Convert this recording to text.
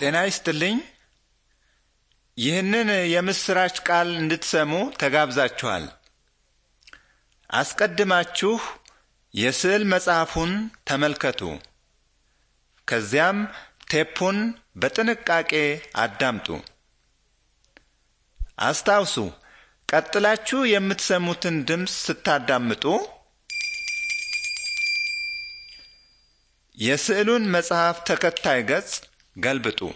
ጤና ይስጥልኝ። ይህንን የምስራች ቃል እንድትሰሙ ተጋብዛችኋል። አስቀድማችሁ የስዕል መጽሐፉን ተመልከቱ። ከዚያም ቴፑን በጥንቃቄ አዳምጡ። አስታውሱ፣ ቀጥላችሁ የምትሰሙትን ድምፅ ስታዳምጡ የስዕሉን መጽሐፍ ተከታይ ገጽ gelbėtų